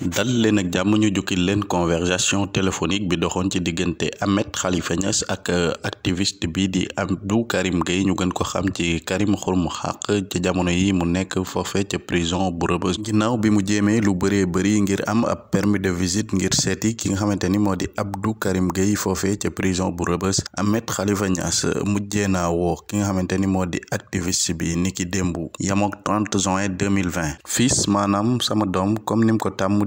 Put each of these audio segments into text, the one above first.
dal leen ak jàmm ñu jukkil leen conversation téléphonique bi doxoon ci diggante Ahmed Khalifa Niass ak euh, activiste bi di Abdou Karim Gueye ñu gën ko xam ci Karim Xrum Xaq ci jamono yi mu nekk foofe ca prison bu Rebeuss ginnaaw bi mu jéemee lu bëree bëri ngir am ab permis de visite ngir seeti ki nga xamante ni moo di Abdou Karim Gueye foofe ca prison bu Rebeuss Ahmed Khalifa Niass mujjee naa woo ki nga xamante ni moo di activiste bi niki démb yamook 30 juin 2020 fils maanaam sama doom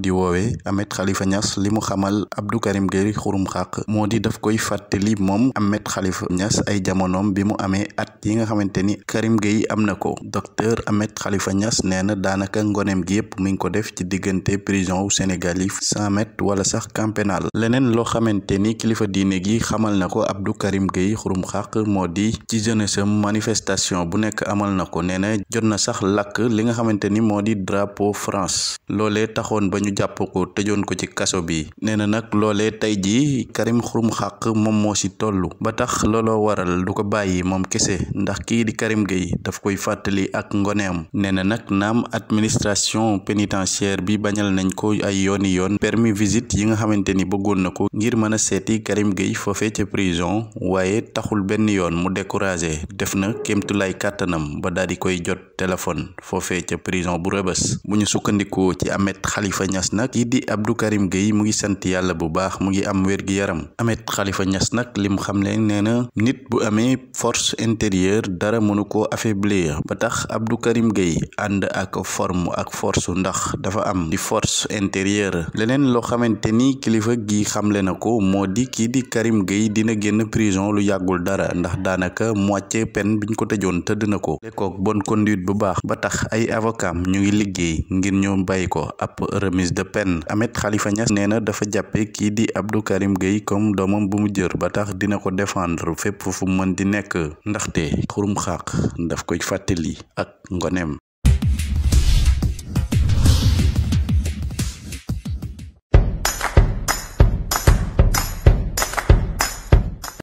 di woowee Ahmed Khalifa Niass li mu xamal Abdou Karim Gueye xurum xaq moo di daf koy fàttali moom Ahmed xalifa ñas ay jamonoom bi mu amee at yi nga xamante ni Karim Gueye am na ko docteur Ahmed Khalifa Niass nee na daanaka ngoneem gi yëpp mi ngi ko def ci diggante prison wu Sénégal yi cent wala sax camp leneen loo xamante ni kilifa diine gi xamal na ko Abdou Karim Gueye xurum xaq moo di ci jeunesse manifestation bu nekk amal na ko nee na jot na sax lakk li nga xamante ni moo di drapeau France loolee taxoon ba ñu jàpp ko tëjoon ko ci kaso bi nee na nag loolee tey jii Karim Xurum Xaq moom moo si toll ba tax looloo waral du ko bàyyi moom kese ndax kii di Karim Gueye dafa koy fàttali ak ngoneem nee na nag naam administration pénitentiaire bi bañal nañ ko ay yooni yoon permis visite yi nga xamante ni bëggoon na ko ngir mën a seeti Karim Gueye foofee ca prison waaye taxul benn yoon mu découragé def na kéemtulaay kàttanam ba daal di koy jot téléphone foofee ca prison bu rëbës nag kii di Abdou Karim Gueye mu ngi sant yàlla bu baax mu ngi am wér yaram Ahmed Khalifa Niass nag lim xam leen nee na nit bu amee force intérieure dara mënu ko affaiblir ba tax Abdou Karim Gueye ànd ak forme ak force ndax dafa am di force intérieure leneen loo xamante ni kilifa gi xamle na ko moo di kii di Karim Gueye dina génn prison lu yàggul dara ndax daanaka moitié peine biñ ko tëjoon tëdd na ko lekkook bonne conduite bu baax ba tax ay avocam ñu ngi liggéey ngir ñoom bàyyi ko ab remise de peine Ahmed Khalifa Niass nee na dafa jàppe kii di Abdou Karim Gueye comme doomam bu mu jër ba tax dina ko defendre fépp fu mën di nekk ndaxte xurum xaq daf koy fàttali ak ngoneem